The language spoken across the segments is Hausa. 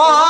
영원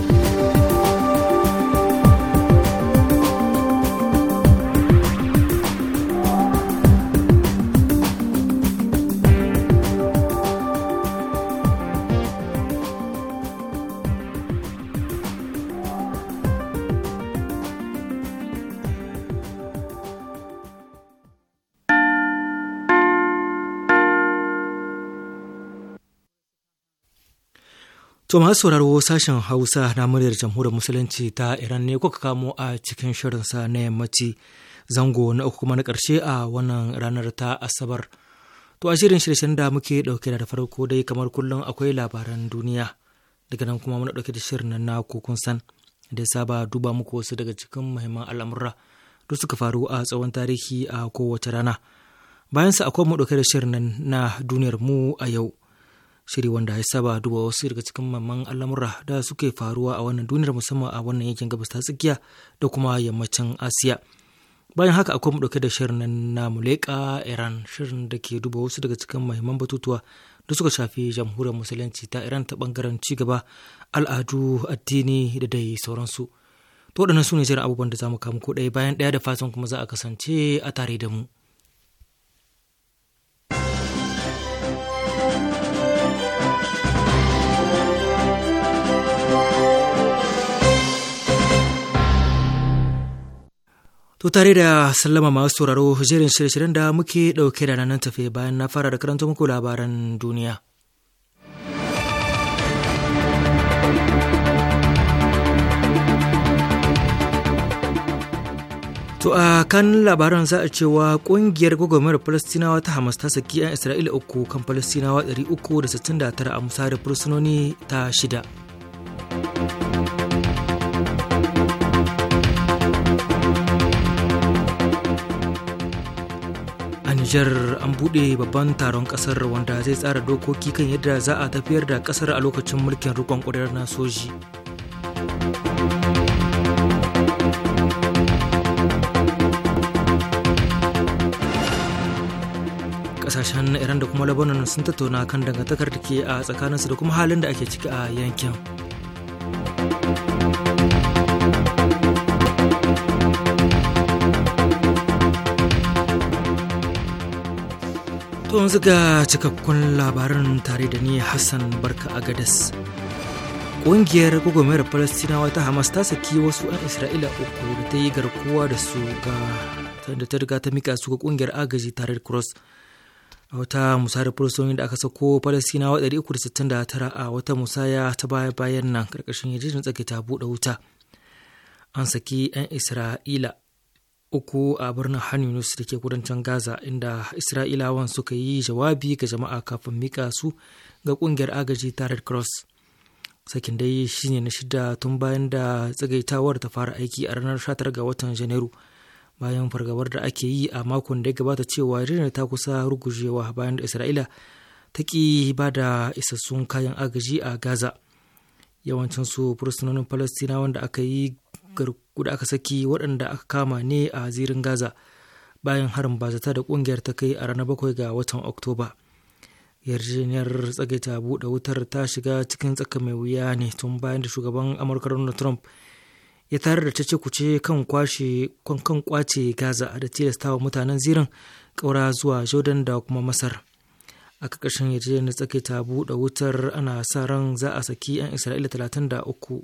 To masu sauraro sashen Hausa na muryar jamhuriyar Musulunci ta Iran ne kuka kamo a cikin shirinsa na yammaci zango na uku kuma na ƙarshe a wannan ranar ta Asabar. To a shirin shirshen da muke ɗauke da farko dai kamar kullum akwai labaran duniya. Daga nan kuma muna ɗauke da shirin na kun san da saba duba muku wasu daga cikin muhimman al'amura da suka faru a tsawon tarihi a kowace rana. Bayan sa akwai mu ɗauke da shirin na duniyar mu a yau. shiri wanda ya saba duba wasu daga cikin mamman al'amura da suke faruwa a wannan duniyar musamman a wannan yankin gabas ta tsakiya da kuma yammacin asiya bayan haka akwai mu dauke da shirin nan na muleka iran shirin da ke duba wasu daga cikin mahimman batutuwa da suka shafi jamhuriyar musulunci ta iran ta bangaren cigaba al'adu addini da dai sauransu to waɗannan su ne jiran abubuwan da za mu kamu ko ɗaya bayan ɗaya da fatan kuma za a kasance a tare da mu. To tare da sallama masu sauraro jerin shirye-shiryen da muke ɗauke da nan tafe bayan na fara da karanta muku labaran duniya. To a kan labaran za a cewa kungiyar gwagwarmayar Falastinawa ta Hamas ta saki 'yan Isra'ila uku kan Falastinawa 369 a musa da fursunoni ta shida. Nijar an buɗe babban taron ƙasar wanda zai tsara dokoki kan yadda za a tafiyar da ƙasar a lokacin mulkin rikon ƙudurar na soji. Ƙasashen Iran da kuma Lebanon sun tattauna kan dangantakar da ke a tsakaninsu da kuma halin da ake ciki a yankin. To yanzu ga cikakkun labaran tare da ni Hassan Barka a Agadas. Ƙungiyar gwagwarmayar Falastinawa ta Hamas ta saki wasu 'yan Isra'ila uku da ta yi garkuwa da su ga da ta riga ta mika su ga ƙungiyar agaji tare da Cross. A wata musayar fursunoyin da aka sako Falastinawa 369 a wata musaya ta baya-bayan nan karkashin yajin tsaki ta buɗe wuta. An saki 'yan Isra'ila uku a birnin Han Yunus da ke kudancin Gaza inda Isra'ilawan suka yi jawabi ga jama'a kafin mika su ga kungiyar agaji ta Red Cross. Sakin dai shi ne na shida tun bayan da tsagaitawar ta fara aiki a ranar 19 ga watan Janairu. Bayan fargabar da ake yi a makon da ya gabata cewa jirgin ta kusa rugujewa bayan da Isra'ila ta ki ba da isassun kayan agaji a Gaza. yawancin su fursunonin Falastinawan da aka yi garku aka saki waɗanda aka kama ne a zirin gaza bayan harin bazata da ƙungiyar ta kai a ranar bakwai ga watan oktoba yarjejeniyar tsagaita buɗe wutar ta shiga cikin tsaka mai wuya ne tun bayan da shugaban amurka donald trump ya tare da cece ce kan kwashe kan kwace gaza da tilastawa mutanen zirin ƙaura zuwa jordan da kuma masar a ƙarƙashin yarjejeniyar tsakaita buɗe wutar ana sa ran za a saki 'yan isra'ila talatin da uku.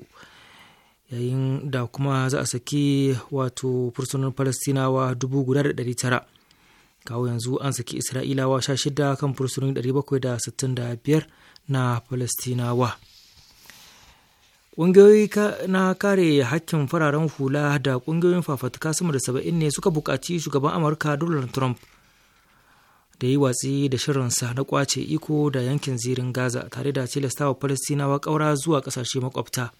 yayin da kuma za a saki wato fursunan falastinawa dubu guda da ɗari tara kawo yanzu an saki isra'ilawa sha shida kan fursunan ɗari bakwai da sittin da biyar na falastinawa ƙungiyoyi na kare hakkin fararen hula da ƙungiyoyin fafatuka sama da saba'in ne suka buƙaci shugaban amurka donald trump da yi watsi da shirinsa na kwace iko da yankin zirin gaza tare da tilastawa falastinawa ƙaura zuwa ƙasashe makwabta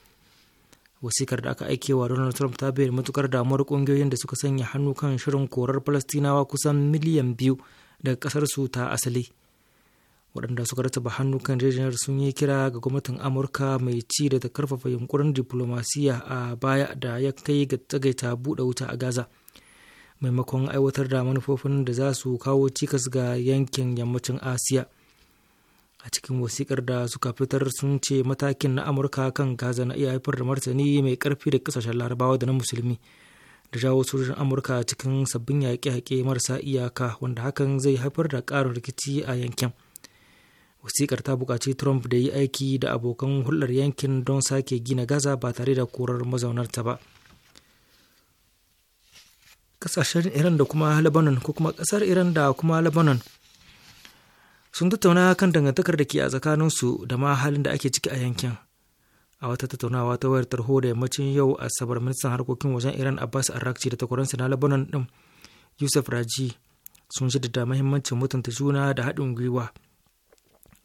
wasikar da aka aikewa donald trump ta bayyana matukar damuwar kungiyoyin da suka sanya hannu kan shirin korar falastinawa kusan miliyan biyu daga kasar su ta asali waɗanda suka rataba hannu kan jejiyar sun yi kira ga gwamnatin amurka mai ci da ta karfafa yunkurin diplomasiya a baya da ya kai ga tsagaita buɗe wuta a gaza maimakon aiwatar da manufofin da za su kawo cikas ga yankin yammacin asiya a cikin wasikar da suka fitar sun ce matakin na amurka kan gaza na iya haifar da martani mai karfi da kasashen larabawa da na musulmi da jawo sojojin amurka cikin sabbin yaƙe-yaƙe marasa iyaka wanda hakan zai haifar da ƙarin rikici a yankin wasikar ta buƙaci trump da yi aiki da abokan hulɗar yankin don sake gina gaza ba tare da korar mazaunarta ba kasashen iran da kuma lebanon ko kuma kasar iran da kuma lebanon sun tattauna kan dangantakar da ke a tsakaninsu da ma halin da ake ciki a yankin a wata tattaunawa ta wayar tarho da yammacin yau asabar ministan harkokin wajen iran abbas arakci da takwaransa na lebanon din yusuf raji sun da mahimmancin mutunta juna da haɗin gwiwa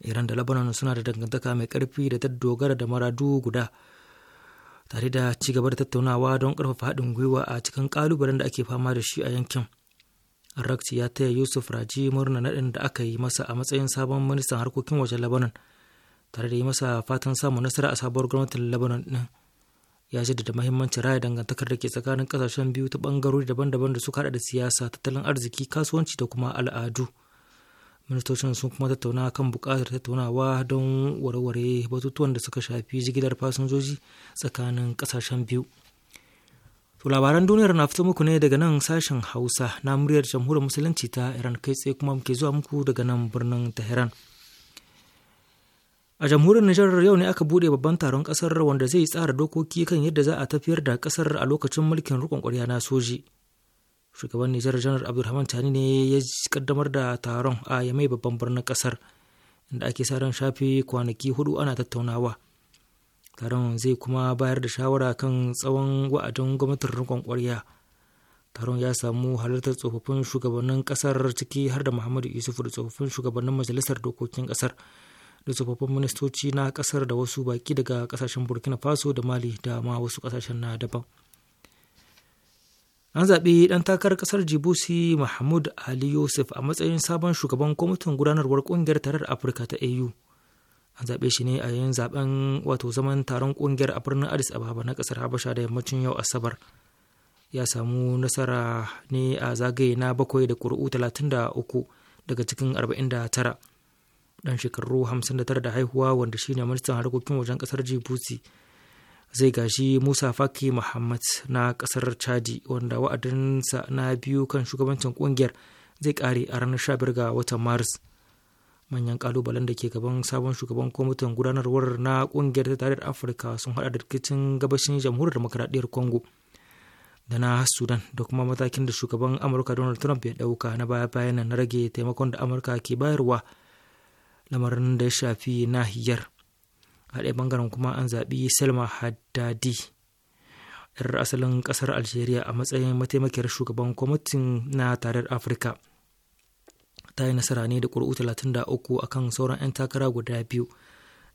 iran da lebanon suna da dangantaka mai ƙarfi da ta dogara da maradu guda tare da ci gaba da tattaunawa don karfafa haɗin gwiwa a cikin ƙalubalen da ake fama da shi a yankin Arrakci ya taya Yusuf Raji murna naɗin da aka yi masa a matsayin sabon ministan harkokin waje Lebanon, tare da yi masa fatan samun nasara a sabuwar gwamnatin Lebanon ɗin. Ya da mahimmanci raya dangantakar da ke tsakanin ƙasashen biyu ta ɓangarori daban-daban da suka haɗa da siyasa, tattalin arziki, kasuwanci da kuma al'adu. Ministocin sun kuma tattauna kan buƙatar tattaunawa don warware batutuwan da suka shafi jigilar fasinjoji tsakanin ƙasashen biyu. To labaran duniyar na fito muku ne daga nan sashen Hausa na muryar jamhuriyar musulunci ta Iran kai tsaye kuma muke zuwa muku daga nan birnin Tehran. A jamhuriyar Nijar yau ne aka bude babban taron kasar wanda zai tsara dokoki kan yadda za a tafiyar da kasar a lokacin mulkin rukun kwarya na soji. Shugaban Nijar Janar Abdulrahman Tani ne ya kaddamar da taron a Yamai babban birnin kasar inda ake sa ran shafe kwanaki hudu ana tattaunawa. taron zai kuma bayar da shawara kan tsawon wa'adin gwamnatin rikon kwarya taron ya samu halartar tsofaffin shugabannin kasar ciki har da muhammadu yusufu da tsofaffin shugabannin majalisar dokokin kasar da tsofaffin ministoci na kasar da wasu baki daga kasashen burkina faso da mali da ma wasu kasashen na daban an zaɓi ɗan takarar ƙasar jibusi mahmud ali yusuf a matsayin sabon shugaban kwamitin gudanarwar ƙungiyar tarar afirka ta au an zaɓe shi ne a yayin zaben wato zaman taron ƙungiyar a birnin addis ababa na kasar habasha da yammacin yau asabar ya samu nasara ne a zagaye na bakwai da ƙuri'u 33 daga cikin 49 ɗan shekaru 59 da haihuwa wanda shi ne ministan harkokin wajen ƙasar jibuti zai gashi musa faki muhammad na kasar chadi wanda wa'adinsa na biyu kan shugabancin ƙungiyar zai kare a ranar 15 ga watan maris manyan kalubalen da ke gaban sabon shugaban kwamitin gudanarwar na kungiyar ta tarayyar afirka sun hada da rikicin gabashin jamhuriyar demokradiyyar congo da na sudan da kuma matakin da shugaban amurka donald trump ya dauka na baya bayan na rage taimakon da amurka ke bayarwa lamarin da ya shafi nahiyar a ɗaya bangaren kuma an zaɓi selma haddadi yar asalin ƙasar algeria a matsayin mataimakiyar shugaban kwamitin na tarayyar afirka ta yi nasara ne da ƙuri'u 33 kan sauran 'yan takara guda biyu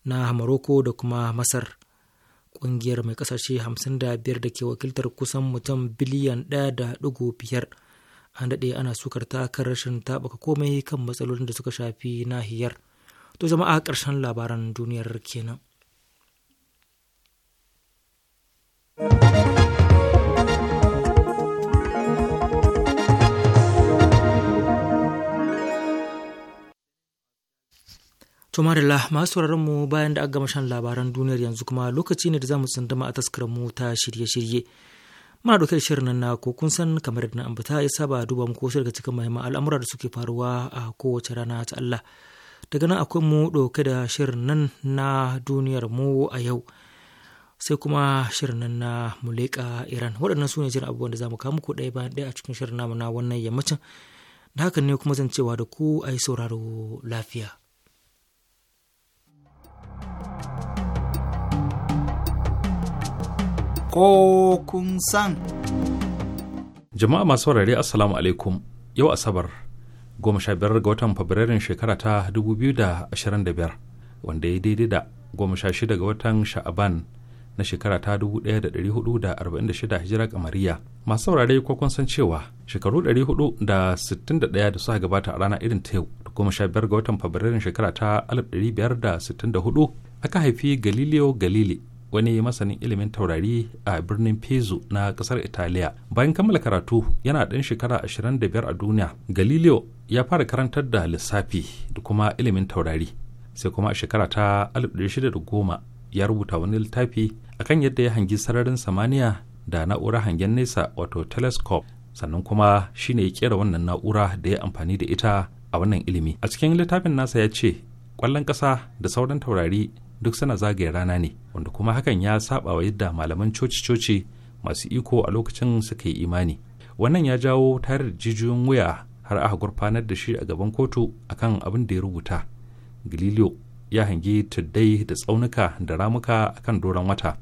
na maroko da kuma Masar. Ƙungiyar mai kasashe 55 da ke wakiltar kusan mutum biliyan 1.5 an daɗe ana sukar ta kan rashin taɓaka komai kan matsalolin da suka shafi nahiyar. To jama'a ƙarshen labaran duniyar kenan. To marilla masu mu bayan da aka gama shan labaran duniyar yanzu kuma lokaci ne da za mu tsindama a taskar ta shirye-shirye. Muna ɗauke da shirin nan ko kun san kamar da an bata ya saba duba mu ko ga cikin mahimman al'amura da suke faruwa a kowace rana ta Allah. Daga nan akwai mu ɗauke da shirin nan na duniyar mu a yau. Sai kuma shirin nan na muleka Iran. Waɗannan su ne jiran abubuwan da za mu kawo muku ɗaya bayan ɗaya a cikin shirin namu na wannan yammacin. Da haka ne kuma zan cewa da ku a sauraro lafiya. Ko kun san. Jama'a masu saurare Assalamu alaikum yau Asabar goma sha biyar ga watan Fabrairun shekara ta dubu biyu da ashirin da biyar wanda ya daidai da goma sha shida ga watan Sha'aban na shekara ta 1446 hijira kamariya masu saurare ko kun san cewa shekaru 461 da suka gabata a rana irin ta yau 15 ga watan fabrairun shekara ta 1564 aka haifi galileo galilei wani masanin ilimin taurari a birnin Pezzo na kasar Italiya. Bayan kammala karatu yana ɗan shekara 25 a duniya, Galileo ya fara karantar da lissafi da kuma ilimin taurari. Sai kuma a shekara ta 1610 ya rubuta wani littafi akan yadda ya hangi sararin samaniya da na'urar hangen nesa wato telescope sannan kuma shine ya kera wannan na'ura da ya amfani da ita a wannan ilimi a cikin littafin nasa ya ce ƙwallon ƙasa da sauran taurari duk sana zagaye rana ne wanda kuma hakan ya saba wa yadda malaman coci-coci masu iko a lokacin suka yi imani wannan ya jawo da jijiyoyin wuya har aka gurfanar da shi a gaban kotu akan abin da ya rubuta galileo ya hangi tuddai da tsaunuka da ramuka akan doron wata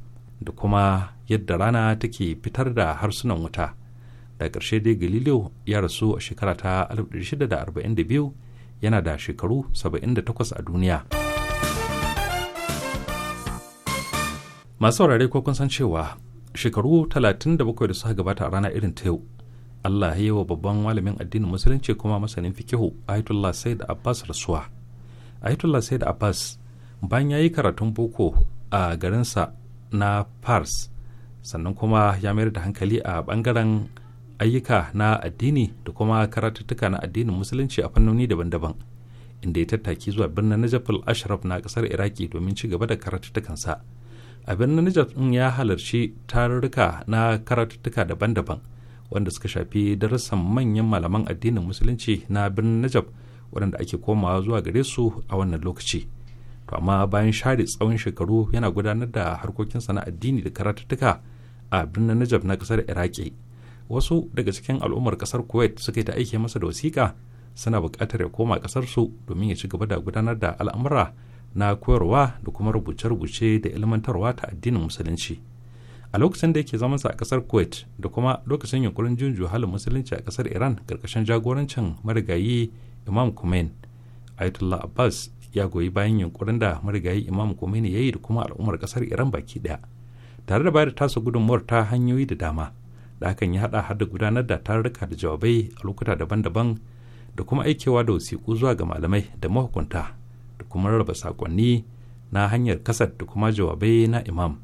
da kuma yadda rana take fitar da harsunan wuta da ƙarshe dai galileo ya rasu a shekara ta 1642 yana da shekaru 78 a duniya masu saurare ko kun san cewa shekaru 37 da suka gabata a rana irin ta yau allah ya yi wa babban malamin addinin musulunci kuma masanin fikihu ayatollah said abbas rasuwa ayatollah said abbas bayan ya yi karatun boko a garinsa na fars sannan kuma ya mayar da hankali a bangaren ayyuka na addini da kuma karatuttuka na addinin musulunci a fannoni daban-daban inda ya tattaki zuwa birnin najaf al-ashraf na kasar iraki domin ci gaba da karatuttukansa a birnin najaf din ya halarci tarurruka na karatuttuka daban-daban wanda suka shafi darussan manyan malaman addinin musulunci na birnin najaf waɗanda ake komawa zuwa gare su a wannan lokaci to amma bayan share tsawon shekaru yana gudanar da harkokinsa na addini da karatuttuka a birnin najaf na kasar iraki wasu daga cikin al'ummar kasar kuwait suka ta aiki masa da wasiƙa suna buƙatar ya koma ƙasarsu domin ya ci gaba da gudanar da al'amura na koyarwa da kuma rubuce-rubuce da ilmantarwa ta addinin musulunci a lokacin da yake zamansa a kasar kuwait da kuma lokacin yunkurin junju halin musulunci a kasar iran karkashin jagorancin marigayi imam kumain ayatollah abbas ya goyi bayan yunkurin da marigayi imam kumain ya yi da kuma al'ummar kasar iran baki ɗaya tare da bayar tasa gudunmuwar ta hanyoyi da dama da hakan ya haɗa har da gudanar da tarurruka da jawabai a lokuta daban-daban da kuma aikewa da wasiƙu zuwa ga malamai da mahukunta da kuma rarraba saƙonni na hanyar kasar da kuma jawabai na imam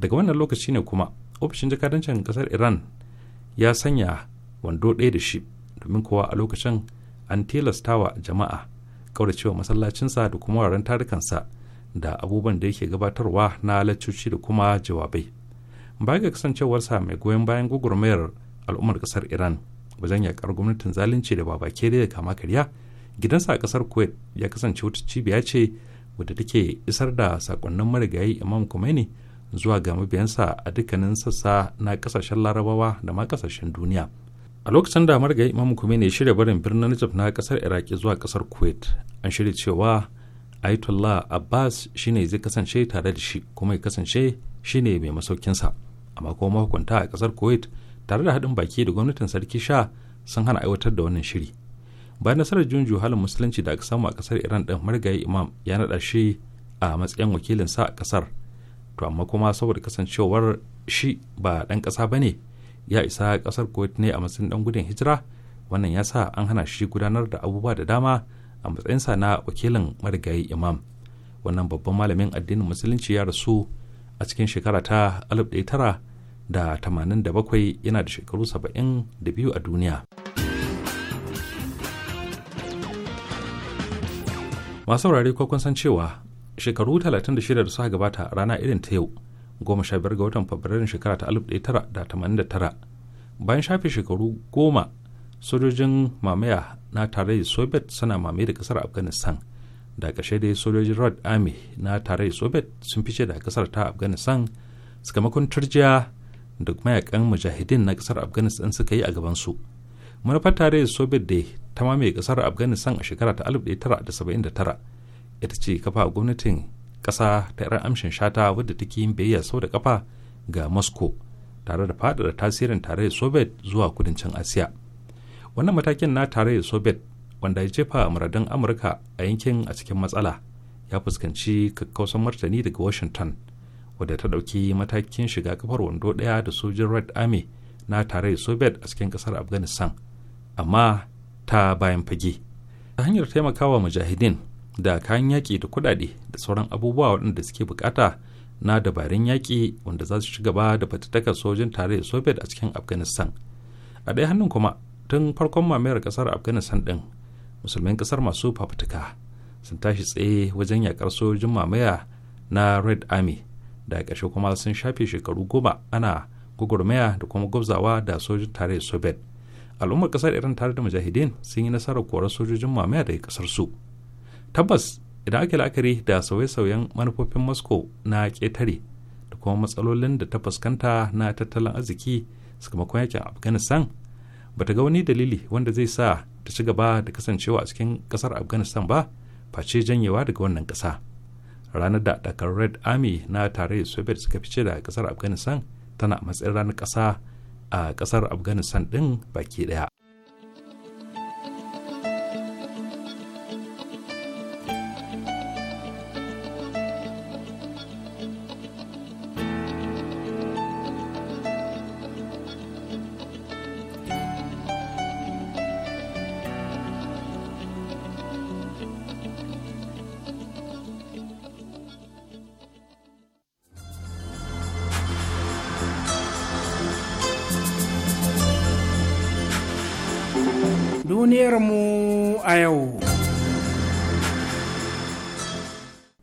daga wannan lokaci ne kuma ofishin jakadancin ƙasar iran ya sanya wando ɗaya da shi domin kowa a lokacin an tilastawa jama'a ƙauracewa masallacinsa da kuma wuraren tarukansa da abubuwan da yake gabatarwa na laccoci da kuma jawabai baya ga kasancewarsa mai goyon bayan gwagwarmayar al'ummar kasar iran wajen yakar gwamnatin zalunci da babake da kama karya gidansa a kasar kuwait ya kasance wata cibiya ce wadda take isar da sakonnin marigayi imam khomeini zuwa ga mabiyansa a dukkanin sassa na kasashen larabawa da ma kasashen duniya a lokacin da marigayi imam khomeini ya shirya barin birnin najaf na kasar iraki zuwa kasar kuwait an shirya cewa ayatollah abbas shine zai kasance tare da shi kuma ya kasance shine mai masaukinsa amma kuma mahukunta a kasar kuwait tare da haɗin baki da gwamnatin sarki sha sun hana aiwatar da wannan shiri bayan nasarar junju halin musulunci da aka samu a kasar iran ɗin marigayi imam ya naɗa shi a matsayin wakilin sa a kasar to amma kuma saboda kasancewar shi ba ɗan ƙasa ba ne ya isa ƙasar kuwait ne a matsayin ɗan gudun hijira wannan ya sa an hana shi gudanar da abubuwa da dama a matsayinsa na wakilin marigayi imam wannan babban malamin addinin musulunci ya rasu a cikin shekara ta 1900 da 87 yana da shekaru 72 a duniya. Masu saurare kwakwan san cewa shekaru 36 da suka gabata rana irin ta yau, 15 ga watan Fabrairun shekara ta 1989. Bayan shafe shekaru goma sojojin mamaya na tarayyar Soviet suna mamaye da kasar Afghanistan. Da ƙarshe dai sojojin Red Army na tarayyar Soviet sun fice da kasar ta Afghanistan sakamakon turjiya duk mayakan mujahidin na kasar afghanistan suka yi a gabansu manufar tarayyar soviet da ta mamaye kasar afghanistan a shekara ta 1979 ita ce kafa gwamnatin kasa ta yar amshin shata wadda take yin biyayya sau da kafa ga moscow tare da faɗaɗa tasirin tarayyar soviet zuwa kudancin asiya wannan matakin na tarayyar soviet wanda ya jefa muradun amurka a yankin a cikin matsala ya fuskanci kakkausan martani daga washington wadda ta ɗauki matakin shiga kafar wando ɗaya da sojin red army na tare da soviet a cikin ƙasar afghanistan amma ta bayan fage ta hanyar taimakawa mujahidin da kayan yaƙi da kuɗaɗe da sauran abubuwa waɗanda suke bukata na dabarun yaƙi wanda za su ci gaba da fatattakar sojin tare da soviet a cikin afghanistan a ɗaya hannun kuma tun farkon mamayar ƙasar afghanistan ɗin musulmin ƙasar masu fafutuka sun tashi tsaye wajen yakar sojin mamaya na red army da ƙarshe kuma sun shafe shekaru goma ana gwagwarmaya da kuma gwabzawa da sojin tare soviet al'ummar ƙasar iran tare da mujahideen sun yi nasarar korar sojojin mamaya daga ƙasar su tabbas idan ake la'akari da sauye-sauyen manufofin moscow na ƙetare da kuma matsalolin da ta fuskanta na tattalin arziki sakamakon yakin afghanistan ba ta ga wani dalili wanda zai sa ta ci gaba da kasancewa a cikin ƙasar afghanistan ba face janyewa daga wannan ƙasa ranar da dakar red army na tarayyar soviet suka fice da kasar afghanistan tana matsayin ranar kasa a ƙasar afghanistan din baki ɗaya.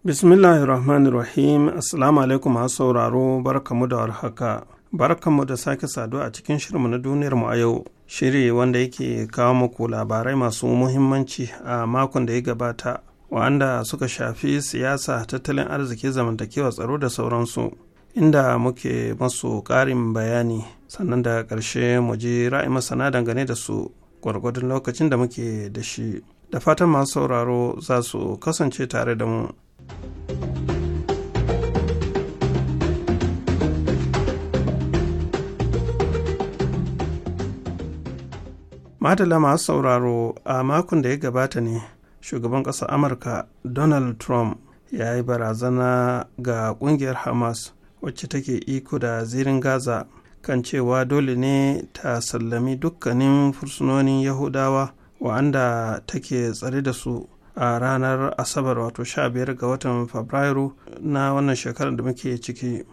bismillahirrahmanirrahim rahim assalamu alaikum masu sauraro barkamu da warhaka barkamu da sake saduwa a cikin shirinmu na duniyar mu a yau shiri wanda yake kawo muku labarai masu muhimmanci a makon da ya gabata wanda suka shafi siyasa tattalin arziki zamantakewa tsaro da sauransu inda muke masu ƙarin bayani sannan da ƙarshe mu ji ra'ayi masana dangane da su gwargwadon lokacin da muke da shi da fatan masu sauraro za su kasance tare da mu Madala masu sauraro a makon da ya gabata ne shugaban ƙasar Amurka Donald Trump ya yi barazana ga ƙungiyar Hamas wacce take iko da zirin Gaza kan cewa dole ne ta sallami dukkanin fursunonin Yahudawa wa'anda take tsare da su a ranar asabar wato 15 ga watan fabrairu na wannan shekarar da muke ciki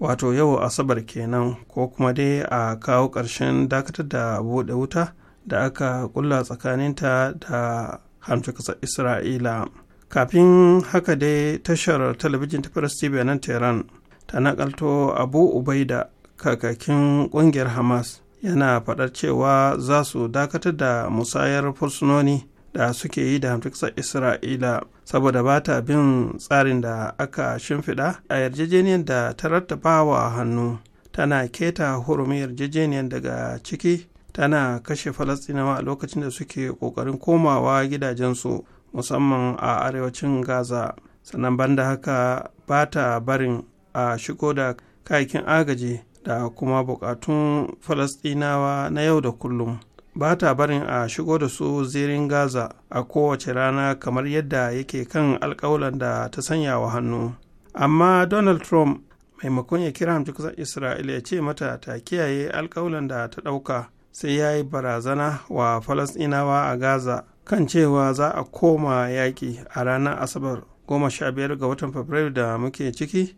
wato yau asabar kenan ko kuma dai a kawo ƙarshen dakatar da buɗe wuta da aka kulla tsakaninta da hamsin ƙasar isra'ila kafin haka dai tashar talabijin ta farasti tv nan tehran ta nakalto abu ubaida kakakin ƙungiyar hamas yana faɗar cewa za su dakatar da musayar fursunoni da suke yi da hamfikisar isra'ila saboda ba ta bin tsarin da aka shimfiɗa a yarjejeniyar da ta rattaba wa hannu tana keta hurumin yarjejeniyar daga ciki tana kashe falastinawa a lokacin da suke ƙoƙarin komawa gidajensu musamman a arewacin gaza sannan banda haka ba ta barin a shigo da kayakin agaji da kuma buƙatun falastinawa na yau da kullum ba ta barin a shigo da su zirin gaza a kowace rana kamar yadda yake kan alkawalan da ta sanya wa hannu amma donald trump maimakon ya kira hamci kusan isra'ila ya ce mata ta kiyaye alkawalan da ta ɗauka sai ya yi barazana wa falasɗinawa a gaza kan cewa za a koma yaƙi a ranar asabar 15 ga watan fabrairu da muke ciki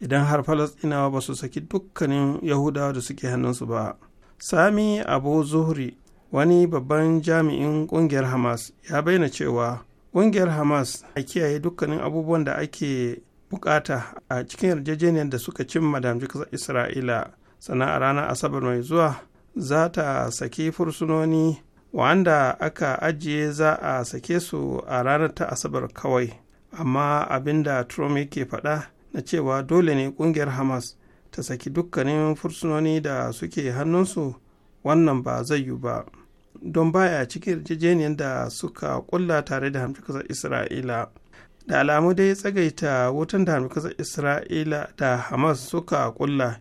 idan har falasɗinawa ba su saki dukkanin yahudawa da suke hannunsu ba sami abu zuhri wani babban jami'in ƙungiyar hamas ya bayyana cewa ƙungiyar hamas a kiyaye dukkanin abubuwan da ake bukata a cikin yarjejeniyar da suka cimma da jikasar isra'ila sannan a ranar asabar mai zuwa za ta saki fursunoni wanda aka ajiye za a sake su a ranar ta asabar kawai amma abin da trump yake faɗa na cewa dole ne ƙungiyar hamas ta saki dukkanin fursunoni da suke hannunsu wannan ba zai yiwu ba. don baya cikin yarjejeniyar da suka kulla tare da hamshin isra'ila da alamu dai tsagaita wutan da hamshin isra'ila da hamas suka kulla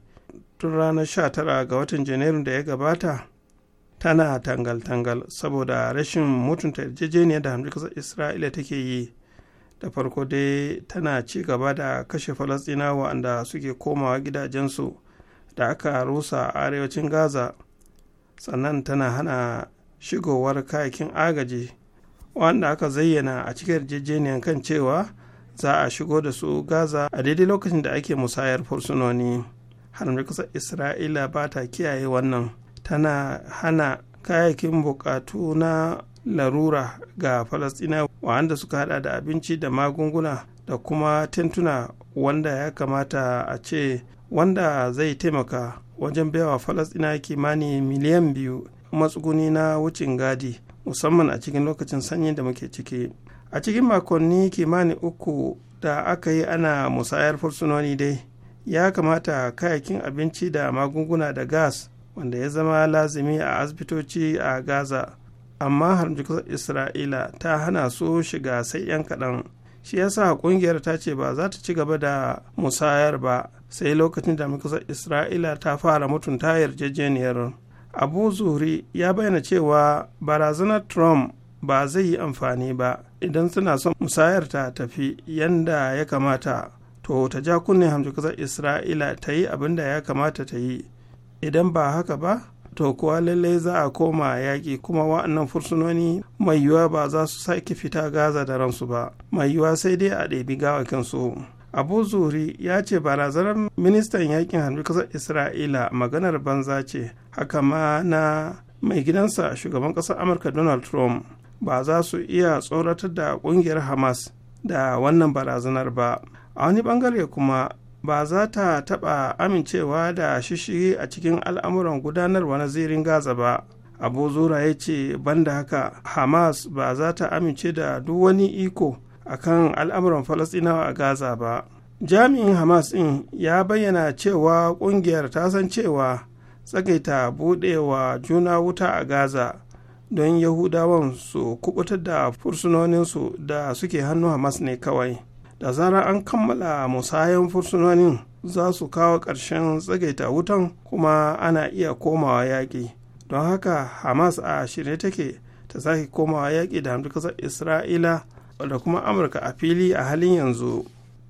tun ranar 19 ga watan janairun da ya gabata tana tangal-tangal saboda rashin mutunta yarjejeniyar da hamshin isra'ila take yi da farko dai tana ci gaba da kashe falastinawa wanda suke komawa gidajensu da aka rusa arewacin gaza sannan tana hana shigowar kayakin agaji wanda aka zayyana a cikin yarjejeniyar kan cewa za a shigo da su gaza a daidai lokacin da ake musayar fursunoni har kasar isra'ila ba ta kiyaye wannan tana hana kayakin bukatu na larura ga falastina wanda suka hada da abinci da magunguna da kuma tentuna wanda ya kamata a ce wanda zai taimaka wajen baiwa falastina kimanin miliyan biyu matsuguni na wucin gadi musamman a cikin lokacin sanyi da muke ciki a cikin makonni kimanin uku da aka yi ana musayar fursunoni dai ya kamata kayakin abinci da magunguna da gas wanda ya zama lazimi a asibitoci a gaza amma harjikar isra'ila ta hana su shiga sai 'yan kaɗan shi yasa ƙungiyar ta ce ba za ta ci gaba da musayar ba sai lokacin da kusa isra'ila ta fara mutunta yarjejeniyar abu zuhri ya bayyana cewa barazanar trump ba zai yi amfani ba idan suna son musayar ta tafi yanda ya kamata to ta ja kunne hamshi kasar isra'ila ta yi abin da ya kamata ta yi idan ba haka ba to kuwa lallai za a koma yaƙi kuma wa'annan fursunoni mai yiwuwa ba za su sake fita gaza da ransu ba mai yiwuwa sai dai a ɗebi gawakin su abu zuri ya ce barazanar ministan yakin hannun kasar isra'ila maganar banza ce haka ma na mai gidansa shugaban kasar amurka donald trump ba za su iya tsoratar da kungiyar hamas da wannan barazanar ba a wani bangare kuma ba za ta taɓa amincewa da shishigi a cikin al'amuran gudanarwa na zirin gaza ba abu zura ya ce banda haka hamas ba za ta amince da duk wani iko a kan al'amuran falasɗinawa a gaza ba jami'in hamas ɗin ya bayyana cewa ƙungiyar ta san cewa tsagaita buɗewa juna wuta a gaza don yahudawan su kubutar da fursunoninsu da suke hannu hamas ne kawai da zarar an kammala musayan fursunonin za su kawo ƙarshen tsagaita wutan kuma ana iya komawa yaƙi don haka hamas a shirye take ta sake komawa yaƙi da hamdu ƙasar isra'ila da kuma amurka a fili a halin yanzu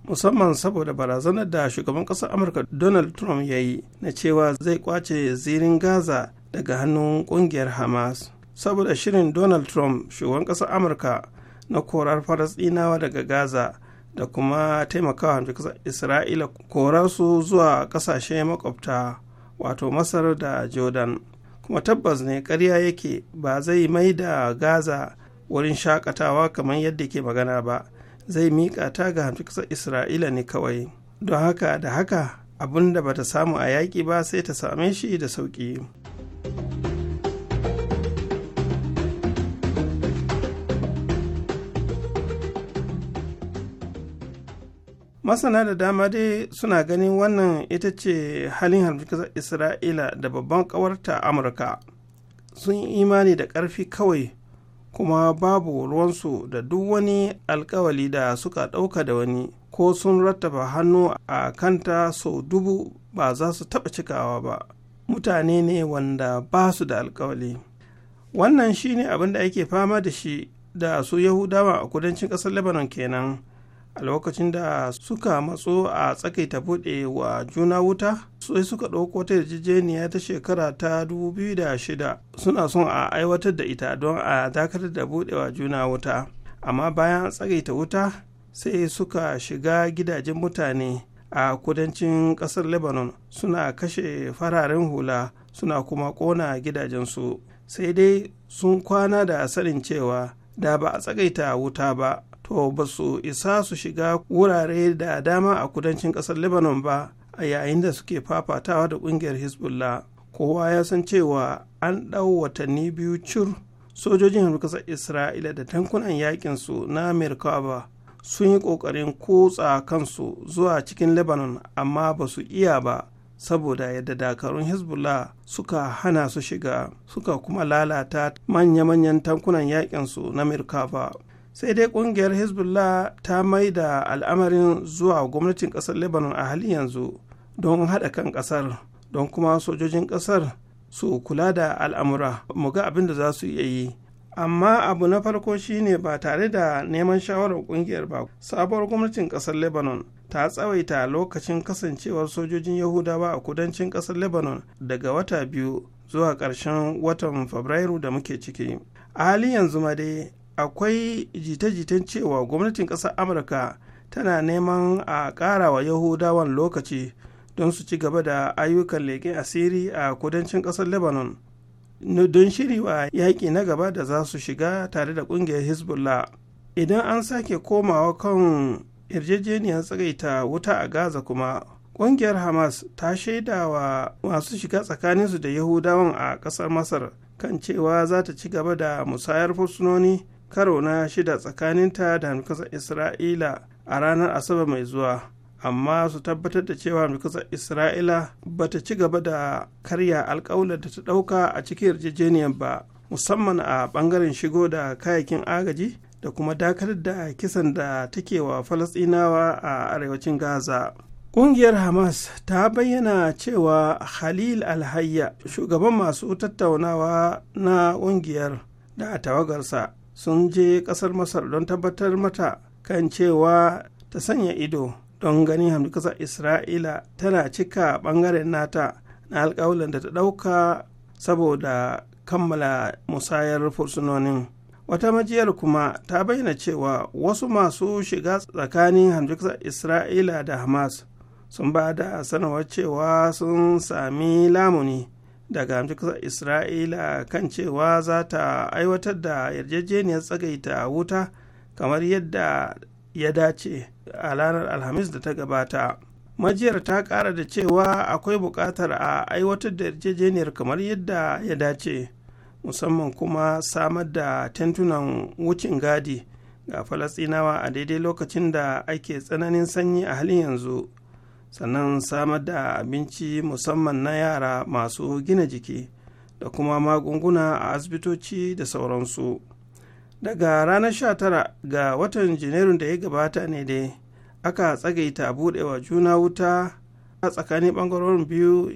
musamman saboda barazanar da shugaban ƙasar amurka donald trump ya yi na cewa zai kwace zirin gaza daga hannun ƙungiyar hamas saboda shirin donald trump shugaban ƙasar amurka na korar falasɗinawa daga gaza da kuma taimakawa ƙasar isra'ila korar su zuwa ƙasashe makwabta wato masar da jordan kuma tabbas ne karya yake ba zai mai da gaza wurin shakatawa kamar yadda ke magana ba zai miƙa ta ga hamsar isra'ila ne kawai don haka da haka abun da bata samu a yaƙi ba sai ta same shi da sauƙi masana da dama dai suna ganin wannan ita ce halin hamsar isra'ila da babban ƙawarta amurka sun yi imani da ƙarfi kawai kuma babu ruwansu da duk wani alkawali da suka ɗauka da wani ko sun rattaba hannu a kanta sau dubu ba za su taɓa cikawa ba mutane ne wanda ba su da alkawali wannan shine abin da ake fama da shi da su yahudawa a kudancin ƙasar lebanon kenan a lokacin da suka matso a tsakaita buɗe wa juna wuta sai suka ɗauko ta yarjejeniya ta shekara ta 2006 suna son a aiwatar da ita don a dakatar da buɗewa juna wuta amma bayan tsagaita wuta sai suka shiga gidajen mutane a kudancin ƙasar lebanon suna kashe fararen hula suna kuma ƙona gidajensu sai dai sun kwana da sanin cewa da ba a tsagaita wuta ba to ba su isa su shiga wurare da dama a kudancin ƙasar lebanon ba a yayin da suke fafatawa da kungiyar hezbollah kowa ya san cewa an ɗau watanni biyu cur sojojin ƙasar isra'ila da tankunan yakinsu na merkaba sun yi ƙoƙarin kotsa kansu zuwa cikin lebanon amma ba su iya ba saboda yadda dakarun hezbollah suka hana su shiga suka kuma lalata manya-manyan tankunan yakinsu na merkaba sai dai kungiyar hezbollah ta mai da al'amarin zuwa gwamnatin ƙasar lebanon a halin yanzu don haɗa kan ƙasar don kuma sojojin ƙasar su kula da al'amura mu ga abin da za su iya yi amma abu na farko shine ba tare da neman shawarar ƙungiyar ba sabuwar gwamnatin ƙasar lebanon ta tsawaita lokacin kasancewar sojojin yahudawa a kudancin ƙasar lebanon daga wata biyu zuwa ƙarshen watan fabrairu da muke ciki a halin yanzu ma dai akwai jita-jitan cewa gwamnatin ƙasar amurka tana neman a ƙara wa yahudawan lokaci don su ci gaba da ayyukan leƙen asiri a kudancin ƙasar lebanon don shiriwa yaƙi na gaba da za su shiga tare da ƙungiyar hezbollah idan an sake komawa kan yarjejeniyar tsagaita wuta a gaza kuma ƙungiyar hamas ta shaida wa masu shiga tsakaninsu da yahudawan a ƙasar masar kan cewa za ta ci gaba da musayar fursunoni karo na shida tsakaninta da isra'ila a ranar asabar mai zuwa amma su tabbatar da cewa mikasar isra'ila ba ta ci gaba da karya alkawalar da ta ɗauka a cikin yarjejeniyar ba musamman a ɓangaren shigo da kayakin agaji da kuma dakar da kisan da take wa falasɗinawa a arewacin gaza Ƙungiyar Hamas ta bayyana cewa halil Alhayya, shugaban masu tattaunawa na ƙungiyar da tawagarsa sun je kasar Masar don tabbatar mata kan cewa ta sanya ido don ganin hamdukasar isra'ila tana cika bangaren nata na alkawalin da ta ɗauka saboda kammala musayar fursunonin wata majiyar kuma ta bayyana cewa wasu masu shiga tsakanin hamdukasar isra'ila da hamas sun ba da sanarwar cewa sun sami lamuni daga hamdukasar isra'ila kan cewa za ta aiwatar da yarjejeniyar tsagaita wuta kamar yadda ya dace a ranar alhamis da ta gabata majiyar ta kara da cewa akwai buƙatar a aiwatar da yarjejeniyar kamar yadda ya dace musamman kuma samar da tentunan wucin gadi ga falasinawa a daidai lokacin da ake tsananin sanyi a halin yanzu sannan samar da abinci musamman na yara masu gina jiki da kuma magunguna a asibitoci da sauransu daga ranar 19 ga watan janairun da ya gabata ne dai aka tsagaita a buɗewa juna wuta a tsakanin ɓangarorin biyu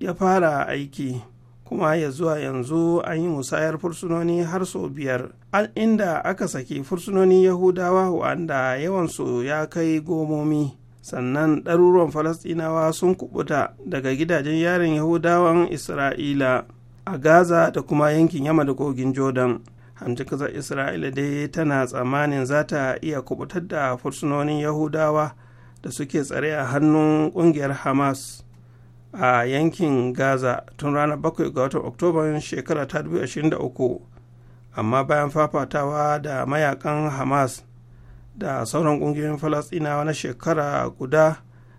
ya fara aiki kuma ya zuwa yanzu an yi musayar fursunoni har sau biyar an inda aka saki fursunoni yahudawa wanda yawansu ya kai gomomi sannan ɗaruruwan falasɗinawa sun kubuta daga gidajen yaren yahudawan isra'ila a gaza da kuma yankin yamma da kogin jordan hamji ƙasar isra'ila dai tana tsammanin za ta iya kubutar da fursunonin yahudawa da suke tsare a hannun ƙungiyar hamas a yankin gaza tun ranar 7 ga watan oktoba shekara ta 2023 amma bayan fafatawa da mayakan hamas da sauran ƙungiyoyin falasɗinawa na shekara guda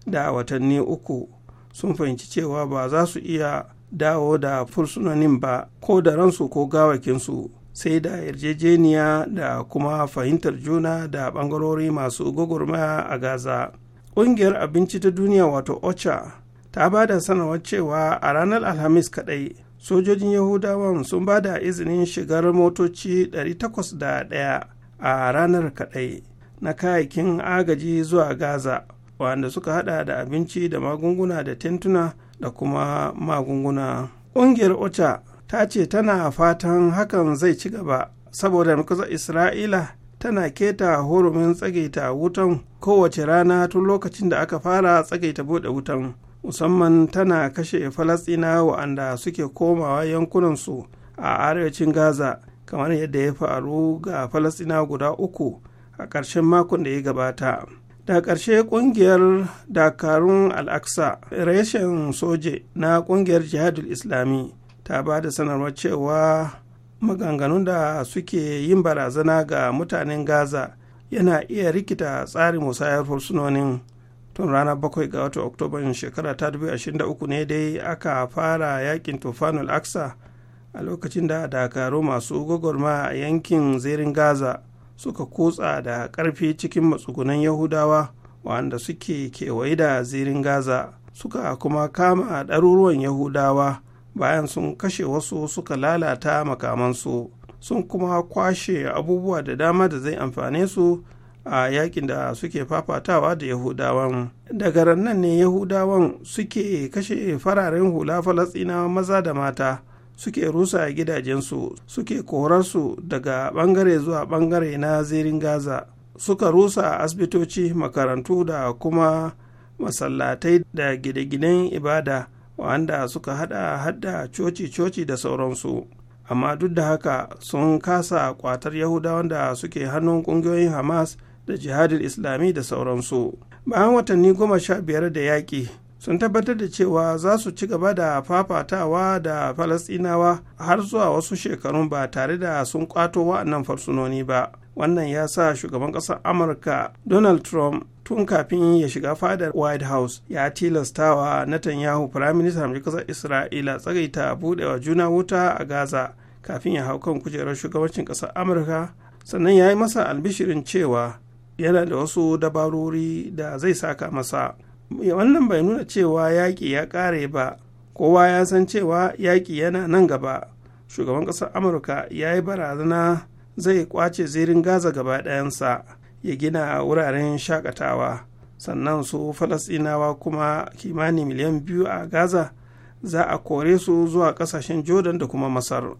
da watanni uku sun fahimci cewa ba za su iya dawo da fursunonin ba ko da ransu ko gawakinsu sai da yarjejeniya da kuma fahimtar juna da bangarori masu gwagwarmaya a gaza ƙungiyar abinci ta duniya wato ocha ta ba da sanarwar cewa a ranar alhamis kaɗai sojojin yahudawan sun ba da izinin shigar motoci 801 a ranar kaɗai na kayakin agaji zuwa gaza wanda suka hada da abinci da magunguna da tentuna da kuma magunguna ƙungiyar ocha ta ce tana fatan hakan zai ci gaba saboda nukasar isra'ila tana keta horumin tsagaita wutan kowace rana tun lokacin da aka fara tsagaita bude wutan musamman tana kashe Falasina wa'anda suke komawa yankunansu a arewacin gaza kamar yadda ya faru ga Falasina guda uku a ƙarshen makon da ya gabata da ƙarshe ƙungiyar dakarun al-aqsa reshen soje na ƙungiyar jihadul islami ta ba da sanarwar cewa maganganun da suke yin barazana ga mutanen gaza yana iya rikita tsarin musayar fursunonin tun ranar 7 ga watan oktoban shekara ta 2023 ne dai aka fara yakin tufanul aksa a lokacin da dakaru masu gwagwarma a yankin zirin gaza suka kutsa da ƙarfi cikin matsugunan yahudawa wanda suke kewaye da zirin gaza suka kuma kama ɗaruruwan yahudawa bayan sun kashe wasu suka lalata makamansu sun kuma kwashe abubuwa da dama da zai amfane su a yakin da suke fafatawa da yahudawan daga rannan ne yahudawan suke kashe fararen hula falasɗinawa maza da mata suke rusa gidajensu suke korarsu daga bangare zuwa bangare na zirin gaza suka rusa asibitoci makarantu da kuma masallatai da gine-ginen ibada wanda suka hada hadda coci-coci da sauransu amma duk da haka sun kasa kwatar yahuda da suke hannun kungiyoyin hamas da jihadin islami da sauransu bayan watanni goma sha biyar da yaƙi sun tabbatar da cewa za su ci gaba da fafatawa da falasɗinawa har zuwa wasu shekarun ba tare da sun kwato wa'annan farsunoni ba wannan ya sa shugaban ƙasar amurka donald trump tun kafin ya shiga fadar white house ya tilastawa netanyahu firaministan hamshin ƙasar isra'ila tsagaita budewa juna wuta a gaza kafin ya hau kan kujerar shugabancin ƙasar amurka sannan ya yi masa albishirin cewa yana da wasu dabarori da zai saka masa wannan bai nuna cewa yaƙi ya ƙare ba kowa ya san cewa yaƙi yana nan gaba shugaban ƙasar amurka ya yi barazana zai kwace zirin gaza gaba ɗayansa ya gina wuraren shakatawa sannan su falasɗinawa kuma kimanin miliyan biyu a gaza za a kore su zuwa ƙasashen jordan da kuma masar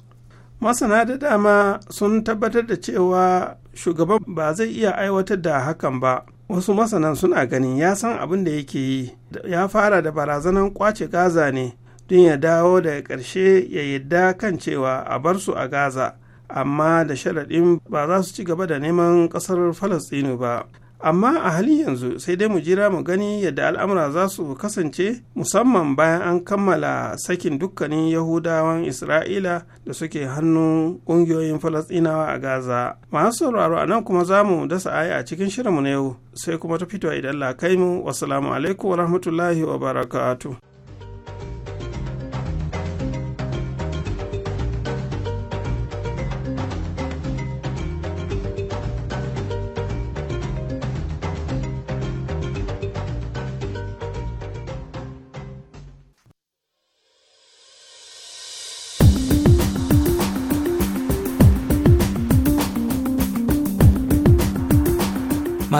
masana da dama sun tabbatar da cewa shugaban ba zai iya aiwatar da hakan ba wasu masanan suna ganin ya san abin da yake yi ya fara da barazanan kwace gaza ne don ya dawo daga ƙarshe ya yadda kan cewa a bar su a gaza amma da sharaɗin ba za su ci gaba da neman ƙasar falastinu ba amma a halin yanzu sai dai mu jira mu gani yadda al'amura za su kasance musamman bayan an kammala sakin dukkanin yahudawan isra'ila da suke hannun ƙungiyoyin falasɗinawa a gaza masu sauraro a nan kuma za mu dasa aya a cikin shirinmu na yau sai kuma ta fito idan la kai mu wasu alaikum wa rahmatullahi wa barakatuh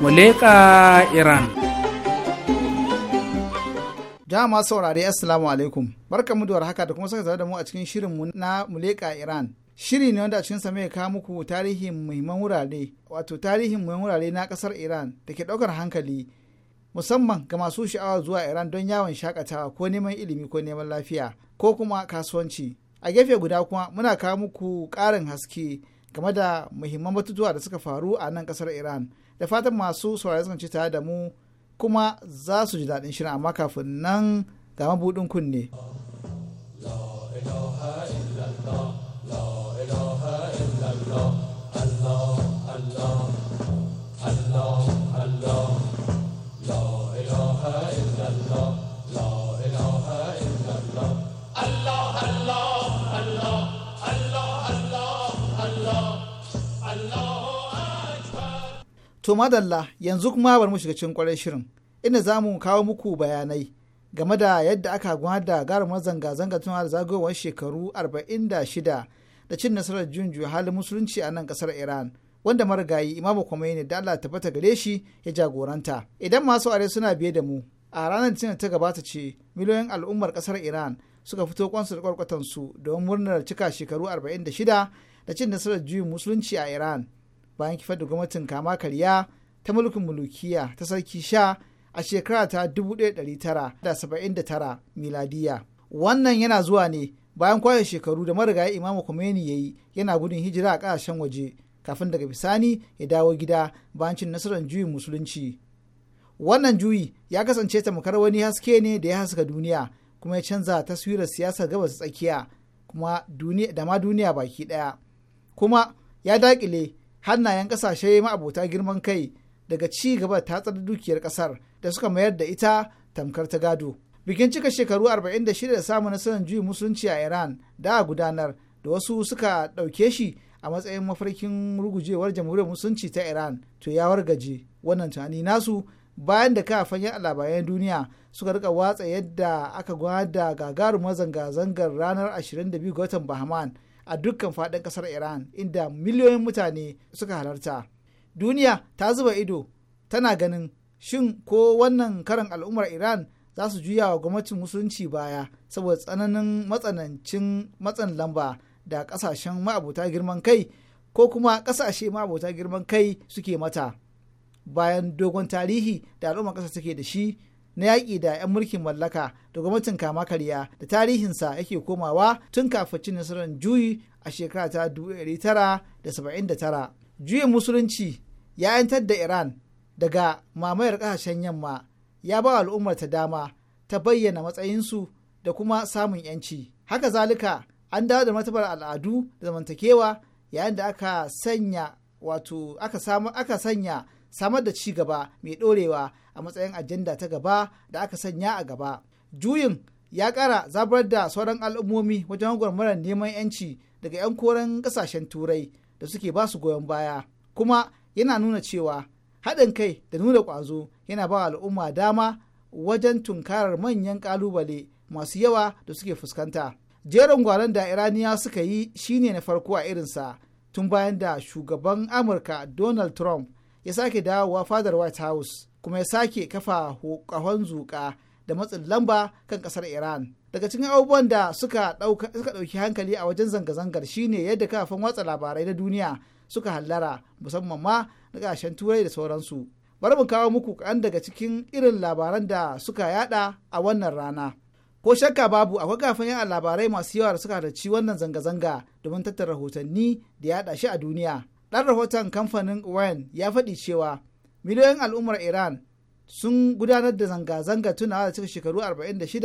Muleka Iran. jama saurare Assalamu alaikum. Barkanmu da warhaka da kuma saka da mu a cikin shirin mu na Muleka Iran. Shiri ne wanda a cikin mai kawo muku tarihin muhimman wurare, wato tarihin muhimman wurare na kasar Iran da ke daukar hankali musamman ga masu sha'awa zuwa Iran don yawon shakatawa ko neman ilimi ko neman lafiya ko kuma kasuwanci. A gefe guda kuma muna kawo muku ƙarin haske game da muhimman batutuwa da suka faru a nan kasar Iran. da fatan masu saurari sun ci tare da mu kuma za su ji daɗin shirin amma kafin nan ga mabuɗin kunne. La To madalla yanzu kuma bari mu shiga cikin kwarai shirin inda za mu kawo muku bayanai game da yadda aka gudanar da garumar zanga-zanga tun da zagayowar shekaru 46 da cin nasarar junju halin musulunci a nan kasar Iran. Wanda marigayi Imam Khomeini da Allah tabbata gare shi ya jagoranta. Idan masu are suna biye da mu, a ranar Litinin ta gabata ce miliyoyin al'ummar kasar Iran suka fito kwansu da kwarkwatan su don murnar cika shekaru 46 da cin nasarar juyin musulunci a Iran. bayan kifar da gwamnatin kama karya ta mulkin mulukiya ta sarki sha a shekara ta 1979 miladiya. Wannan yana zuwa ne bayan kwashe shekaru da marigayi Imamu Khomeini ya yi yana gudun hijira a ƙasashen waje kafin daga bisani ya dawo gida bayan cin nasarar juyin musulunci. Wannan juyi ya kasance tamkar wani haske ne da ya haska duniya kuma ya canza taswirar siyasar gabas tsakiya kuma da ma duniya baki ɗaya. Kuma ya daƙile hannayen ƙasashe ma'abota girman kai daga ci gaba ta tsada dukiyar kasar da suka mayar da ita tamkar ta gado. Bikin cika shekaru 46 da samun nasarar juyin musulunci a Iran da a gudanar da wasu suka ɗauke shi a matsayin mafarkin rugujewar jamhuriyar musulunci ta Iran to ya wargaje wannan tunani nasu bayan da kafin yan labaran duniya suka rika watsa yadda aka gwada gagarumar zanga-zangar ranar 22 ga watan Bahman a dukkan faɗin ƙasar iran inda miliyoyin mutane suka halarta duniya ta zuba ido tana ganin shin ko wannan karan al'ummar iran za su juya wa gwamnatin musulunci baya saboda tsananin matsanancin matsan lamba da ƙasashen ma'abuta girman kai ko kuma ƙasashe ma'abuta girman kai suke mata bayan dogon tarihi da al'ummar ƙasa take da shi na yaƙi da 'yan mulkin mallaka da gwamnatin kama karya da tarihinsa yake komawa tun kafin cin nasarar juyi a shekara ta 1979. Juyin musulunci ya 'yantar da Iran daga mamayar ƙasashen yamma ya ba al'ummar ta dama ta bayyana matsayinsu da kuma samun 'yanci. Haka zalika an dawo da martabar al'adu da zamantakewa yayin da aka sanya wato aka sanya samar da ci gaba mai ɗorewa a matsayin ajanda ta gaba da aka sanya a gaba juyin ya kara zabar da sauran al'ummomi wajen gwamnatin neman yanci daga 'yan koren kasashen turai da suke ba su goyon baya kuma yana nuna cewa haɗin kai da nuna ƙwazo yana ba al'umma dama wajen tunkarar manyan ƙalubale masu yawa da suke fuskanta jerin gwalon da iraniya suka yi shine na farko a irinsa tun bayan da shugaban amurka donald trump ya sake dawowa fadar white house kuma ya sake kafa kahon zuƙa da matsin lamba kan ƙasar iran daga cikin abubuwan da suka ɗauki hankali a wajen zanga-zangar shine yadda kafin watsa labarai na duniya suka hallara musamman ma na turai da sauransu bari mu kawo muku kan daga cikin irin labaran da suka yada a wannan rana ko shakka babu akwai kafin yan labarai masu yawa da suka halarci wannan zanga-zanga domin tattara rahotanni da yada shi a duniya ɗan rahoton kamfanin wayan ya faɗi cewa miliyoyin al'ummar iran sun gudanar da zanga-zanga tunawa da cika shekaru 46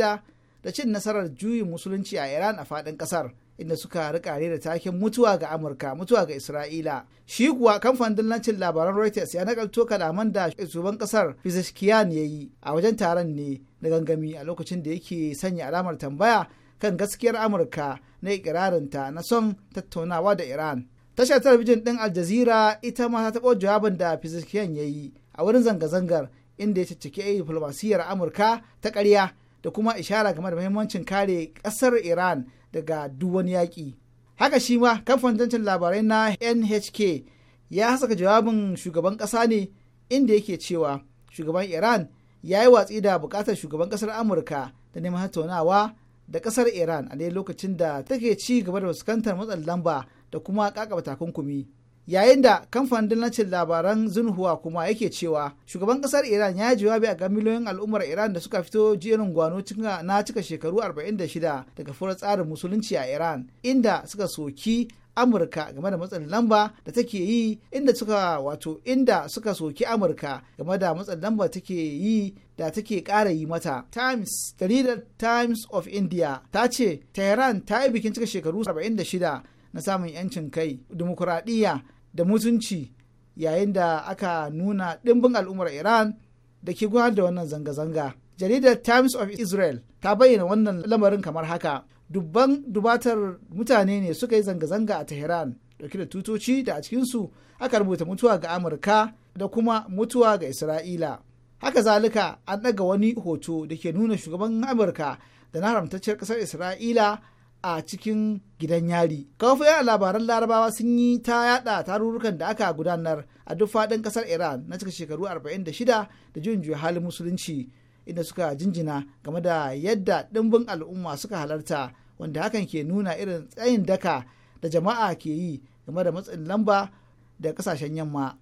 da cin nasarar juyin musulunci a iran a faɗin ƙasar inda suka rikare da takin mutuwa ga amurka mutuwa ga isra'ila shi kuwa kamfanin dillancin labaran reuters ya nakalto kalaman da shugaban ƙasar fizikiyan ya yi a wajen taron ne na gangami a lokacin da yake sanya alamar tambaya kan gaskiyar amurka na ikirarinta na son tattaunawa da iran tashar talabijin ɗin aljazira ita ma ta taɓo jawabin da fizikiyan ya yi a wurin zanga-zangar inda ya cicciki diflomasiyyar amurka ta ƙarya da kuma ishara game da muhimmancin kare ƙasar iran daga duk wani yaƙi haka shi ma kamfanin jancin labarai na nhk ya saka jawabin shugaban ƙasa ne inda yake cewa shugaban iran ya yi watsi da buƙatar shugaban ƙasar amurka da neman tattaunawa da ƙasar iran a dai lokacin da take ci gaba da fuskantar matsin lamba da kuma kakaba takunkumi yayin da kamfanin dillancin labaran zunhuwa kuma yake cewa shugaban kasar iran ya yi jawabi a ga miliyoyin al'ummar iran da suka fito jerin gwano na cika shekaru 46 daga furar tsarin musulunci a iran inda suka soki amurka game da matsalin lamba da take yi inda suka wato inda suka soki amurka game da matsalin lamba take yi da take kara yi mata. Times, leader Times of India ta ce, Tehran ta yi bikin cika shekaru 76 na samun 'yancin kai dimokuraɗiyya da mutunci yayin da aka nuna ɗimbin al'ummar iran da ke gudanar da wannan zanga-zanga jaridar times of israel ta bayyana wannan lamarin kamar haka dubban dubatar mutane ne suka yi zanga-zanga a tehran dauke da tutoci da a cikinsu aka rubuta mutuwa ga amurka da kuma mutuwa ga isra'ila haka zalika an ɗaga wani hoto da ke nuna shugaban amurka da na haramtacciyar ƙasar isra'ila a cikin gidan yari. a labaran larabawa sun yi ta yada tarurrukan da aka gudanar a duk faɗin ƙasar Iran na cika shekaru 46 da juyin juya halin musulunci inda suka jinjina game da yadda ɗimbin al'umma suka halarta wanda hakan ke nuna irin tsayin daka da jama'a ke yi game da matsin lamba da ƙasashen yamma.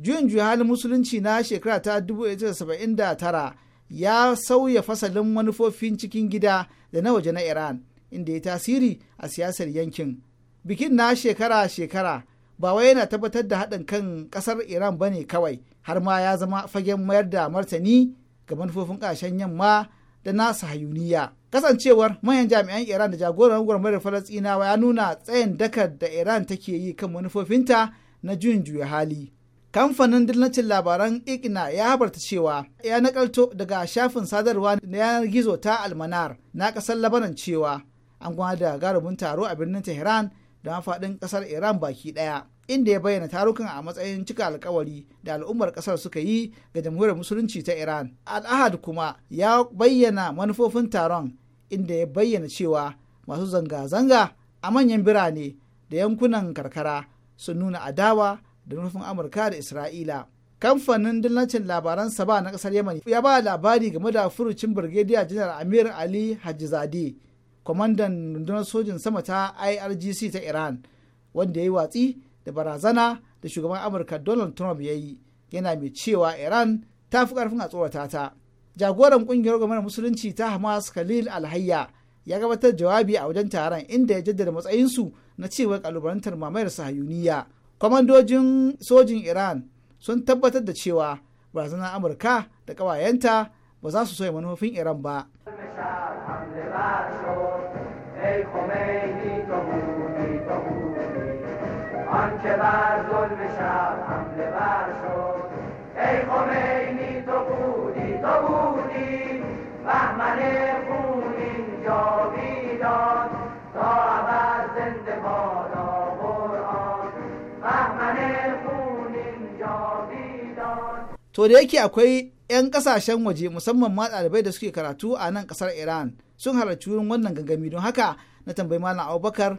Juyin juya halin musulunci na shekara ta 1979 ya sauya fasalin manufofin cikin gida da na waje na Iran. inda ya tasiri a siyasar yankin bikin na shekara-shekara ba wai yana tabbatar da haɗin kan ƙasar iran ba ne kawai har ma ya zama fagen mayar da martani ga manufofin ƙashen yamma da nasa hayuniya kasancewar manyan jami'an iran da jagoran gwamnatin falastinawa ya nuna tsayin dakar da iran take yi kan manufofinta na juyin juya hali kamfanin dillacin labaran ikna ya habarta cewa ya nakalto daga shafin sadarwa na yanar gizo ta almanar na ƙasar labanan cewa an kuma da garabin taro a birnin tehran da faɗin ƙasar iran baki ɗaya inda ya bayyana tarukan a matsayin cika alkawari da al'ummar ƙasar suka yi ga jamhuriyar musulunci ta iran al'ahad kuma ya bayyana manufofin taron inda ya bayyana cewa masu zanga-zanga a manyan birane da yankunan karkara sun nuna adawa da nufin amurka da isra'ila kamfanin dillancin labaran saba na kasar yamani ya ba labari game da furucin birgediya janar amir ali hajizade kwamandan rundunar sojin sama ta irgc ta iran wanda ya yi watsi da barazana da shugaban amurka donald trump ya yi yana mai cewa iran ta fi karfin a tsorata ta jagoran kungiyar gwamnatin musulunci ta hamas khalil alhayya ya gabatar jawabi a wajen taron inda ya jaddada matsayinsu na cewa kalubalantar mamayar sahayuniya kwamandojin sojin iran sun tabbatar da cewa barazanar amurka da ƙawayenta ba za su soya manufofin iran ba ای خمینی تو بودی تو بودی بر ظلم شب حمله بر شد ای خمینی تو بودی تو بودی بهمن خون اینجا بیداد تا عبد زنده بادا قرآن بهمن خون اینجا بیداد تو که 'yan kasashen waje musamman ma ɗalibai da suke karatu a nan ƙasar iran sun halarci wurin wannan gangami don haka na tambayi malam abubakar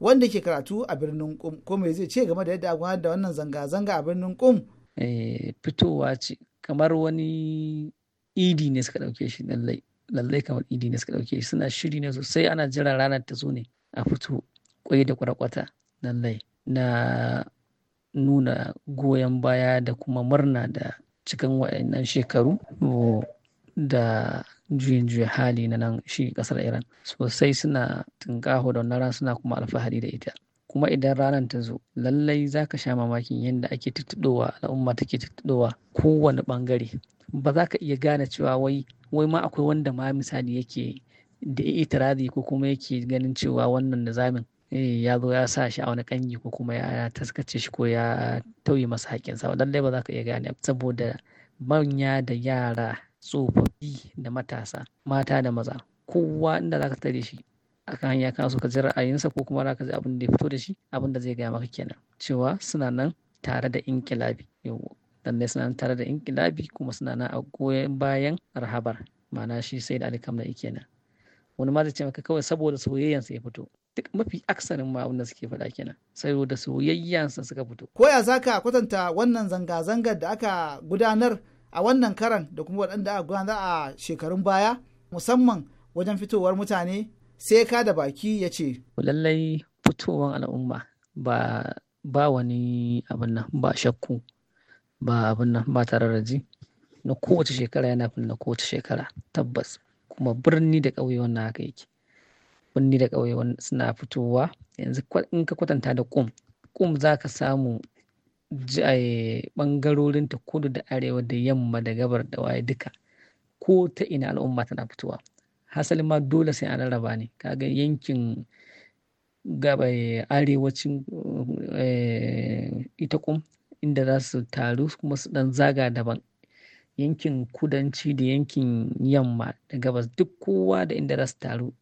wanda ke karatu a birnin kum ko me zai ce game da yadda gudanar da wannan zanga-zanga a birnin kum eh, fitowa ce kamar wani idi ne suka ɗauke shi lallai lallai kamar idi ne suka ɗauke shi suna shiri ne sosai ana jiran ranar ta zo ne a fito kwai da kwarakwata lallai na nuna goyon baya da kuma murna da cikin waɗannan shekaru da juyin juya hali na nan shi kasar iran sosai suna tunƙaho da wannan rana suna kuma alfahari da ita kuma idan ranar ta zo lallai za ka sha mamakin yadda ake tuttuɗowa al'umma take tuttuɗowa kowane ɓangare ba za ka iya gane cewa wai wai ma akwai wanda ma misali yake da itirazi ko kuma yake ganin cewa wannan nizamin Eh, ya zo ya sa shi a wani kangi ko kuma ya taskace shi ko ya tauye masa haƙƙinsa lallai ba za ka iya gane saboda manya da yara tsofaffi da matasa mata da maza kowa inda za ka tare shi akan hanya kana so ka ji ra'ayinsa ko kuma za ka ji abin da ya fito da shi abin da zai gaya maka kenan cewa suna nan tare da inkilabi lallai suna nan tare da inkilabi kuma suna nan a goyon bayan rahabar ma'ana shi sai da alikam da kenan wani ma zai ce maka kawai saboda soyayyansa ya fito duk mafi aksarin ma wanda suke faɗa kenan saboda soyayyansa suka fito Ko koya zaka kwatanta wannan zanga-zangar da aka gudanar a wannan karan da kuma waɗanda aka gudanar a shekarun baya musamman wajen fitowar mutane sai ka da baki ya ce lallai fitowar al'umma ba ba wani abin nan ba shakku ba abin nan ba tararraji na kowace shekara yana fin na kowace shekara tabbas kuma birni da ƙauye wannan haka yake birni da ƙauye suna fitowa yanzu in ka kwatanta da ƙum ƙum za ka samu eh, ɓangarorin ta kudu da arewa da yamma da gabar da waye duka ko ta ina al'umma tana fitowa hasali ma dole sai an rarraba ne kaga yankin gaba eh, arewacin eh, ita kum inda za su taru kuma su dan zaga daban yankin kudanci da yankin yamma da gabas duk kowa da inda za su taru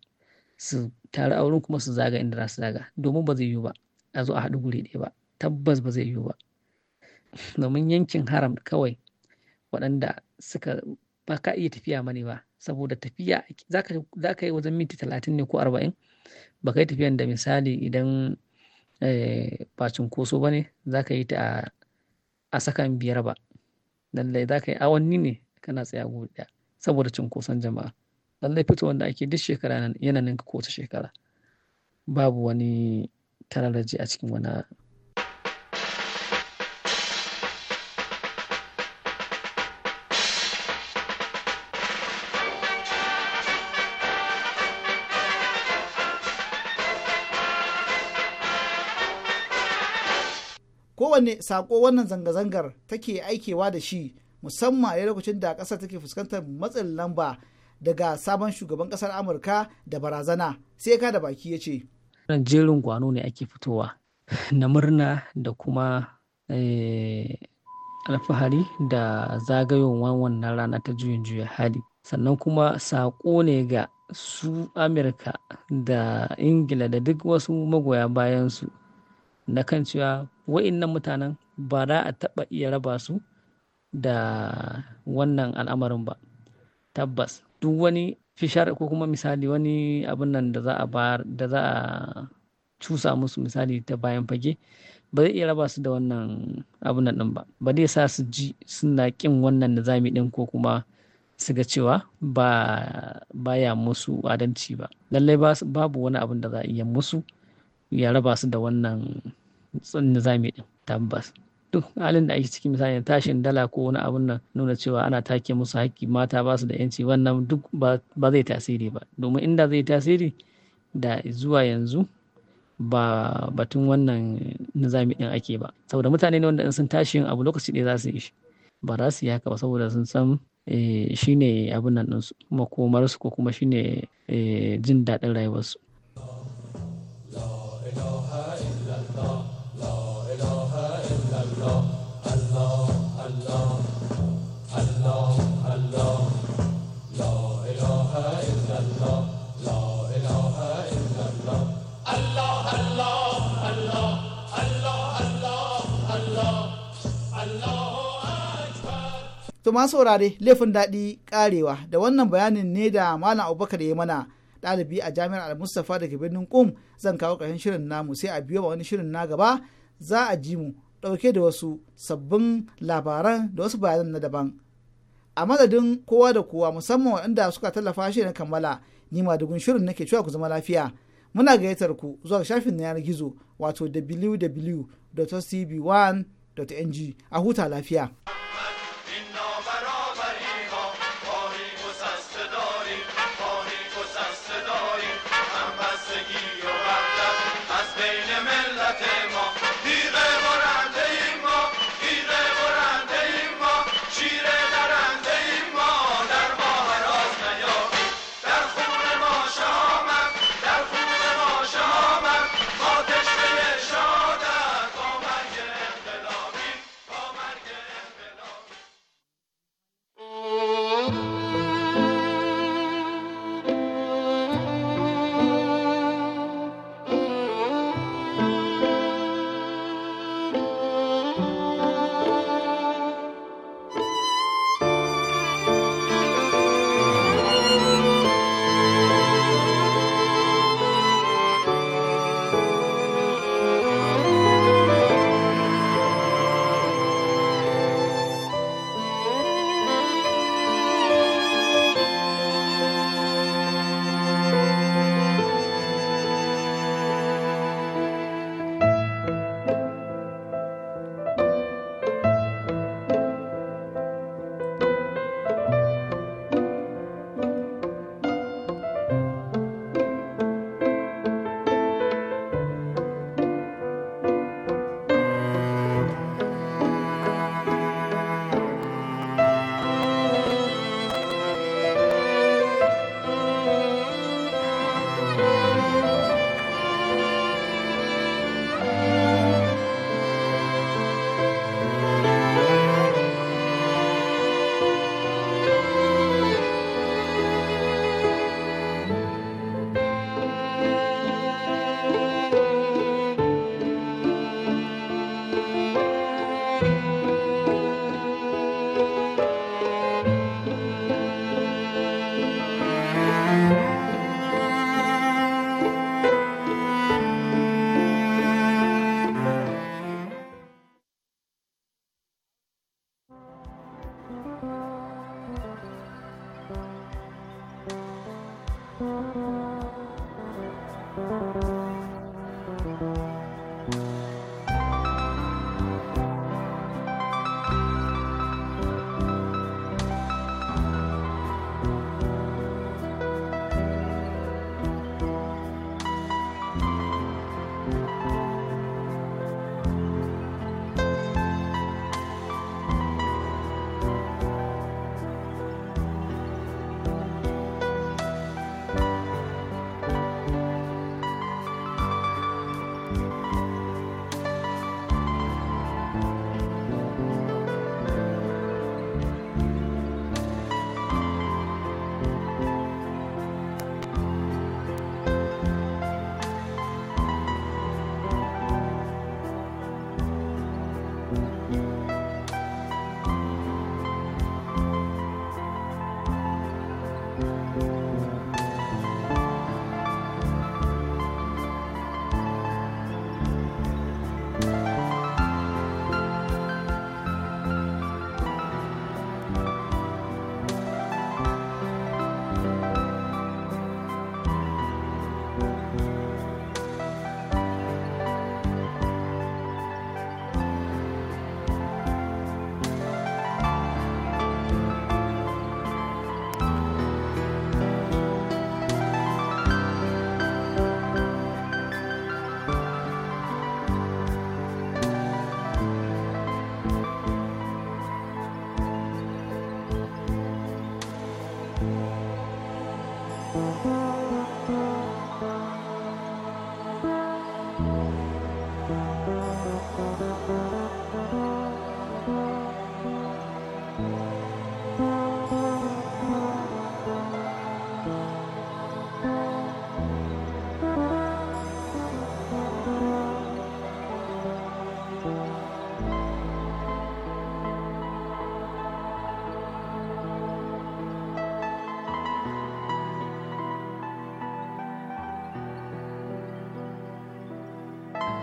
su tare auren kuma su zaga inda za su zaga domin ba zai yiwu ba a zo a haɗu guri ɗaya ba tabbas ba zai yiwu ba domin yankin haram kawai waɗanda suka ba ka iya tafiya mani ba saboda tafiya za ka yi wajen minti talatin ne ko arba'in ba ka yi tafiyan da misali idan eh, ba cunkoso ba ne za ka yi ta a sakan biyar ba lallai za ka yi awanni ne kana tsaya guda saboda cunkoson jama'a lallai fitowar da ake duk shekara yana ninka kowace shekara babu wani tararraji a cikin wani kowane sako wannan zanga-zangar take aikewa da shi musamman a lokacin da ƙasar take fuskantar matsin lamba daga sabon shugaban kasar amurka da barazana sai ka da baki ya ce jerin gwano ne ake fitowa na murna da kuma eh, alfahari da zagayowar wannan rana ta juyin juya hali sannan kuma saƙo ne ga su amurka da ingila da duk wasu magoya bayansu na kan cewa wa'innan mutanen ba za a taɓa iya raba su da wannan al'amarin ba tabbas duk wani fishar ko kuma misali wani abin nan da za a bayar da za a cusa musu misali ta bayan fage ba zai iya raba su da wannan abin nan ba ba zai sa su ji suna kin wannan da nizami din ko kuma su ga cewa ba baya musu adalci ba lallai babu wani abun da za a iya musu ya raba su da wannan nizami din tabbas duk halin da ake ciki misali tashin dala ko wani abun nan nuna cewa ana take musu haƙƙi mata ba su da yanci wannan duk ba zai tasiri ba domin inda zai tasiri da zuwa yanzu ba batun wannan nizami din ake ba saboda mutane ne wanda in sun tashi yin abu lokaci ɗaya za su yi shi ba za su yi haka ba saboda sun san eh, shine abin nan ɗinsu kuma komarsu ko kuma shine eh, jin daɗin rayuwarsu To ma saurare laifin daɗi karewa da wannan bayanin ne da Malam Abubakar ya mana ɗalibi a jami'ar Al-Mustapha daga birnin Qum zan kawo ƙarshen shirin namu sai a biyo wani shirin na gaba za a ji mu ɗauke da wasu sabbin labaran da wasu bayanan na daban. A madadin kowa da kowa musamman waɗanda suka tallafa shi na kammala ni ma dugun shirin nake cewa ku zama lafiya. Muna gayyatar ku zuwa shafin na yanar gizo wato wwwcb 1ng a huta lafiya.